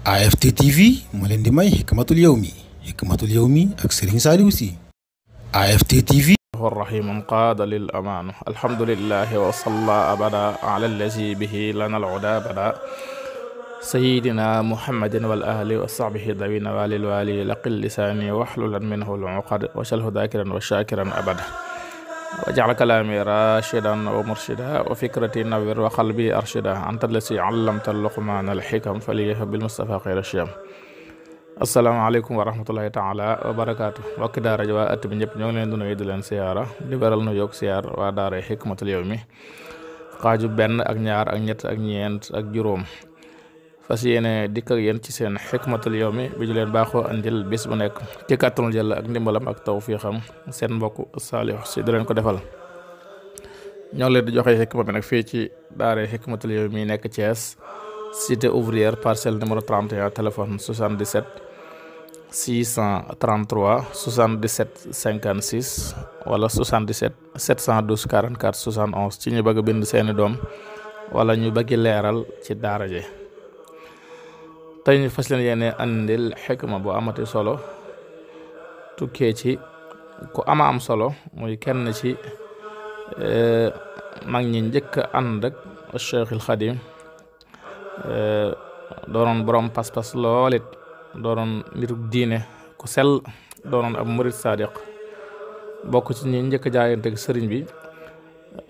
AFT TV moo leen di may xikmatul yawmi xikmatul yawmi ak Serigne Saliou Sy AFT TV arrahimun qaada lil amaanu alhamdulillahi wa salla abada ala allazi bihi lana alhuda bada sayidina muhammadin wal ahli wa sahbihi dawina walil wali laqil lisaani waxlulan minhu al uqad wa shalhu dakiran wa shakiran abada واجعل كلامي راشدا ومرشدا وفكرتي نور وقلبي أرشدا أنت الذي علمت اللقمان الحكم فليح بالمصطفى خير الشام asalaamaaleykum wa rahmatullahi taala wa barakaatu mbokki daara ji waa at bi ñëpp ñoo leen di nuyu di leen siyaara di baral nu yokk siyaar waa daara Hikmatul Yawmi xaaju benn ak ñaar ak ñeent ak juróom fas yéene dikk ak yéen ci seen xikmatul yawmi bi ñu leen baaxoo andil bis bu nekk ci kàttanul Yàlla ak ndimbalam ak taw fii xam seen mbokk Saliou si di leen ko defal ñoo ngi leen di joxe xikma bi nag fii ci daare xikmatul yawmi mi nekk Thiès cité ouvrière parcelle numéro 31 téléphone 77 633 77 56 wala 77 712 44 71 ci ñu bëgg a bind seeni doom wala ñu bëgg leeral ci daara ji tey ñu fas leen yéene andil xikma bu amati solo tukkee ci ku ama am solo muy kenn ci eh, mag ñi njëkk a ànd ak eh, doonoon borom pas-pas loolit doonoon mbirub diine ku sell doonoon ab murid bokk ci ñi njëkk a sëriñ bi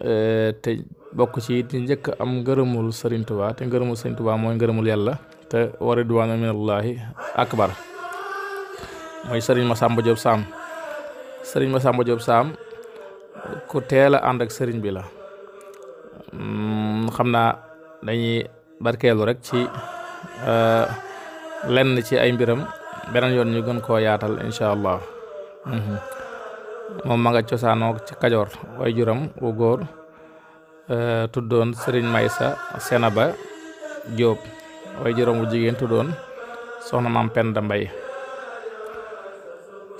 eh, te bokk ci it ñi njëkk am ngërëmul sëriñ Tuubaa te ngërëmul sëriñ Tuubaa mooy ngërëmul yàlla te wa ridwaana minallaahi akbar mooy sëriñ Masamba Diop Sam sëriñ Masamba Diop Sam ku teel a ànd ak sëriñ bi la mm, xam naa dañuy barkeelu rek ci euh, lenn ci ay mbiram beneen yoon ñu gën koo yaatal incha allah mhm. moom ma nga cosaanoo ci kajoor way juram wu góor euh, tuddoon sëriñ Maysa Senaba Diop way juróom bu jigéen tuddoon soxna maam Penda Mbay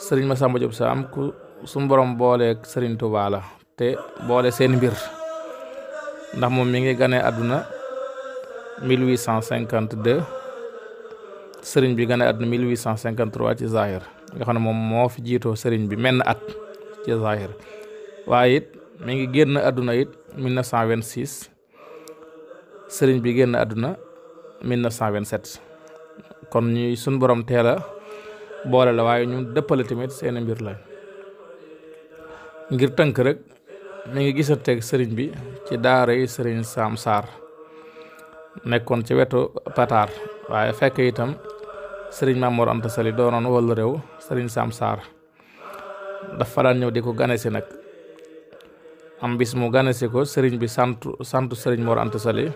sëriñ Masamba Jóob Saam ku suñu borom booleeg sëriñ Tuubaa la te boole seen mbir ndax moom mi ngi ganee àdduna 1852 sëriñ bi ganee àdduna 1853 ci zahir nga xam ne moom moo fi jiitoo sëriñ bi menn at ci zahir waaye it mi ngi génn àdduna it sëriñ bi génn àdduna 1927 kon ñuy suñ borom teel a boole la waaye ñu dëppale tamit seeni mbir la ngir tënk rek mu ngi gisanteeg sëriñ bi ci daara yi sëriñ Sam Sarr nekkoon ci wetu Pataar waaye fekk itam sëriñ Mamoor Anta Sali doonoon wàllu réew sëriñ Sam Sarr dafa daan ñëw di ko gane nag am bis mu gane ko sëriñ bi sant sant sëriñ Mor Anta sëriñ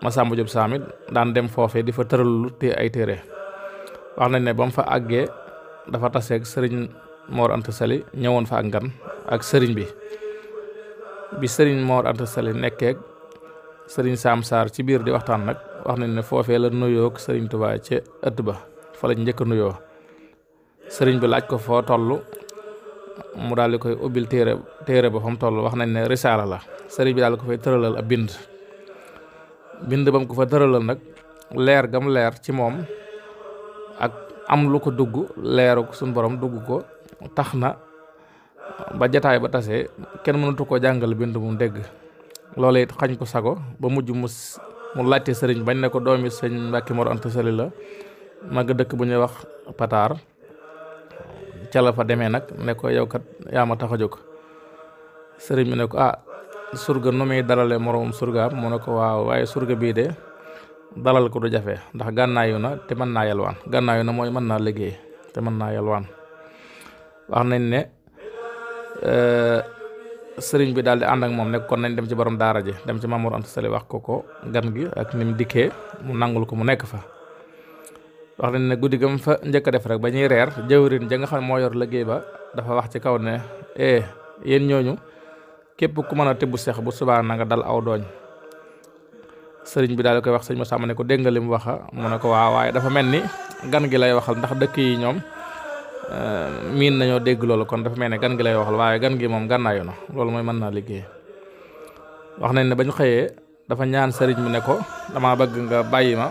Masamba Diop Samit daan dem foofee di fa tëralu te ay téere wax nañ ne ba fa àggee dafa taseeg sëriñ Mor Anta Sali ñëwoon fa ak ngan ak sëriñ bi bi sëriñ Mor Anta Sali nekkeeg sëriñ Sam Sarr ci biir di waxtaan nag wax nañ ne foofee la nuyoog sëriñ Touba ca ëtt ba fa lañ njëkk a nuyoo sëriñ bi laaj ko foo toll mu daal di koy ubbil téere téere ba fa mu wax nañ ne risaala la sëriñ bi daal di ko fay tëralal ab bind bind bam ko fa tëralal nag leer gam leer ci moom ak am lu ko dugg leeru suñ boroom dugg ko tax na ba jataay ba tase kenn mënatu koo jàngal bind mu dégg loola it xañ ko sago ba mujj mu mu laajte sëriñ bañ ne ko doomi sëñ Mbàkke Mor Anta Sali la mag dëkk bu ñuy wax Pataar ca la fa demee nag ne ko yow kat yaa tax a jóg sëriñ bi ne ko ah surga nu muy dalale moroomum surgaam mu ne ko waaw waaye surga bii de dalal ko du jafe ndax gànnaayu na te mën naa yalwaan gànnaayu na mooy mën naa liggéey te mën naa yalwaan wax nañ ne euh, sëriñ bi daal di ànd moom nekk kon nañ dem ci borom daara ji dem ci Mamour Anta Sali wax ko ko gan gi ak ni mu dikkee mu nangul ko mu nekk fa wax nañ ne guddi gam fa njëkk def rek ba ñuy reer jëwrin ja nga xam ne moo yor liggéey ba dafa wax ci kaw ne eh yéen ñooñu képp ku mën a tibb seex bu subaa na nga dal aw dooñ sëriñ bi daal di koy wax sëñ ma ma ne ko dégg nga li mu wax mu ne ko waaw waaye dafa mel ni gan gi lay waxal ndax dëkk yi ñoom euh, miin nañoo dégg loolu kon dafa mel ni gan gi lay waxal waaye gan gi moom gànnaayu na loolu mooy mën naa liggéey wax nañ ne bañ xëyee dafa ñaan sëriñ bi ne ko dama bëgg nga bàyyi ma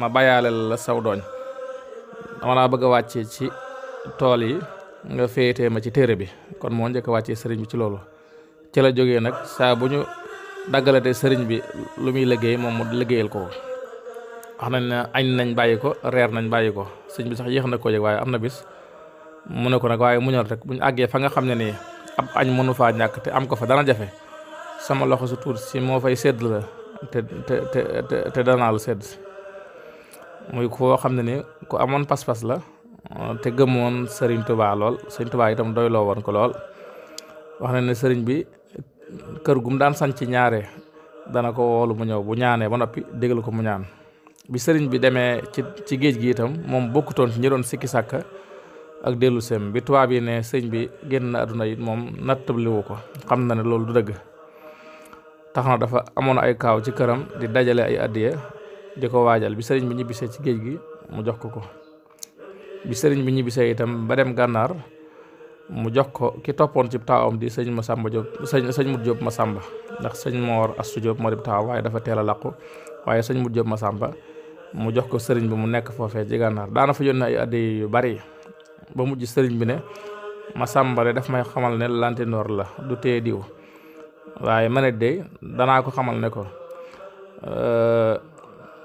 ma bàyyaale la saw dooñ dama laa bëgg a wàccee ci tool yi nga féetee ma ci téere bi kon moo njëkk wàccee sëriñ bi ci loolu. ci la jógee nag saa bu ñu daggalate sëriñ bi lu muy liggéey moom mu liggéeyal ko wax nañ ne añ nañ bàyyi ko reer nañ bàyyi ko sëñ bi sax yéex na ko yëg waaye am na bis mu ne ko nag waaye muñal rek bu ñu àggee fa nga xam ne nii ab añ mënu faa ñàkk te am ko fa dana jafe sama loxo su tuut si moo fay sedd la te te te te danaa la sedd muy koo xam ne ni ku amoon pas-pas la te gëmoon sëriñ tubaa lool sëriñ Tuubaa itam doyloo woon ko lool wax na ne sëriñ kër gum daan sanc ñaare dana ko woolu mu ñëw bu ñaanee ba noppi déglu ko mu ñaan bi sëriñ bi demee ci ci géej gi itam moom bokkutoon ci ñi doon sikki sàkka ak dellu sem bi tubaab yi ne sëriñ bi génn na àdduna it moom nattabliwu ko xam na ne loolu du dëgg tax na dafa amoon ay kaaw ci këram di dajale ay addiye di ko waajal bi sëriñ bi ñibbisee ci géej gi mu jox ko ko bi sëriñ bi ñibbisee itam ba dem gànnaar mu jox ko ki toppoon ci taawam di sëñ ma Masamba Diop sëñ sëñ Mut ma sàmba ndax sëñ Moor Astu Diop moo di taaw waaye dafa teel a làqu waaye sëñ Mut ma Masamba mu jox ko sëriñ bi mu nekk foofee ci gànnaar daana fa yónnee ay addi yu bari ba mujj sëriñ bi ne Masamba de daf may xamal ne lantinoor la du tee diw waaye man it de danaa ko xamal ne ko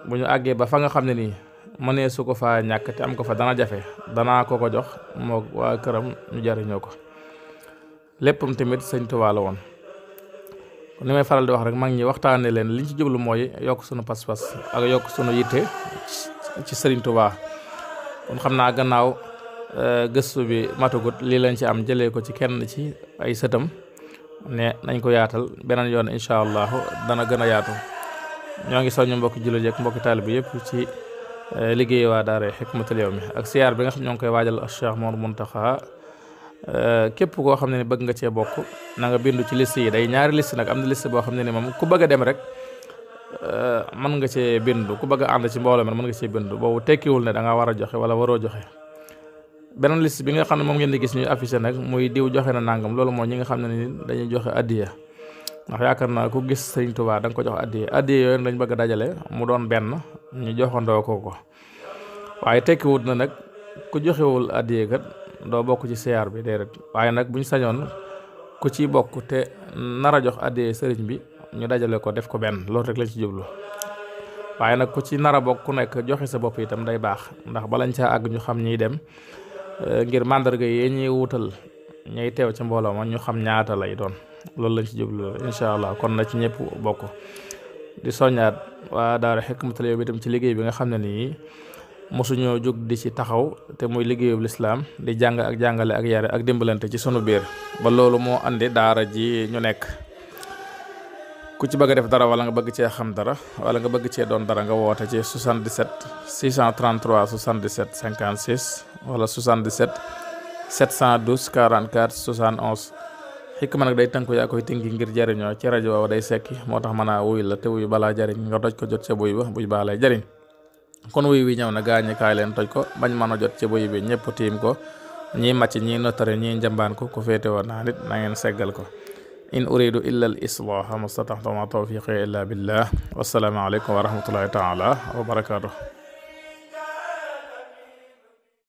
bu ñu àggee ba fa nga xam ne nii mënee su ko faa ñàkk te am ko fa dana jafe danaa ko ko jox moo waa këram ñu jariñoo ko léppam tamit sëñ Tuubaa la woon ni may faral di wax rek mag ñi waxtaanee leen liñ ci jublu mooy yokk sunu pas-pas ak yokk sunu yitte ci sëriñ Tuubaa kon xam naa gannaaw e, gëstu bi matagut lii lañ ci am jëlee ko ci kenn ci ay sëtam ne nañ ko yaatal beneen yoon incha allahu dana gën a yaatu ñoo ngi soññu mbokki jullit yeeg mbokki taalibe yëpp ci. liggéey waa daara Hikmatul Yawmi ak siyaar bi nga xam ñoo ngi koy waajal Cheikh Mor Muntaxa eh, képp koo xam ne ni bëgg nga cee bokk na nga bindu ci liste yi day ñaari list nag am na liste boo xam ne ni moom ku bëgg a dem rek eh, mën nga cee bindu ku bëgg a ànd ci mbooloo mi mën nga cee boobu tekkiwul ne da war a joxe wala waroo joxe beneen liste bi nga xam ne moom ngeen di gis ñuy affiché nag muy diw joxe na nangam loolu mooy ñi nga xam ne ni dañuy joxe addiya ndax yaakaar naa ku gis Sëriñ Tuubaa da nga ko jox addiya addiya yooyu lañ bëgg a dajale mu doon benn ñu joxandoo ko ko waaye tekkiwut na nag ku joxewul addiye kat doo bokk ci siyaar bi déedéet waaye nag bu buñ sañoon ku ci bokk te nar a jox addiye sëriñ bi ñu dajale ko def ko benn loolu rek lañ ci jublu waaye nag ku ci nar a bokk ku nekk joxe sa bopp itam day baax ndax balañ caa àgg ñu xam ñiy dem eh, ngir màndarga yee ñuy wutal ñay teew ci mbooloo ma ñu xam ñaata lay doon loolu lañ ci jublu incha allah kon na ci ñëpp bokk di soñaat waa daara Hikmatul bi tam ci liggéey bi nga xam ne nii mosuñoo jóg di ci taxaw te muy liggéeyub lislaam di jàng ak jàngale ak yare ak dimbalante ci sunu biir ba loolu moo andi daara ji ñu nekk ku ci bëgg def dara wala nga bëgg cee xam dara wala nga bëgg cee doon dara nga woote ci 77 633 77 56 wala 77 712 44 71 ma nag day tënku yaa koy tënki ngir jariñoo ci rajo waaw day sekki moo tax mën a wuy la te wuy balaa jariñ nga toj ko jot ca buy ba buy baa lay jariñ kon wuy wi ñëw na gaañi kaay leen toj ko bañ mën a jot ci buy bi ñëpp tiim ko ñii màcc ñii notare ñii njambaan ko ko féete woon naa nit na ngeen seggal ko in uridu illa al islaha mastataxtama tawfiqi illa billah wassalaamu aleykum wa rahmatullahi taala wa barakatuh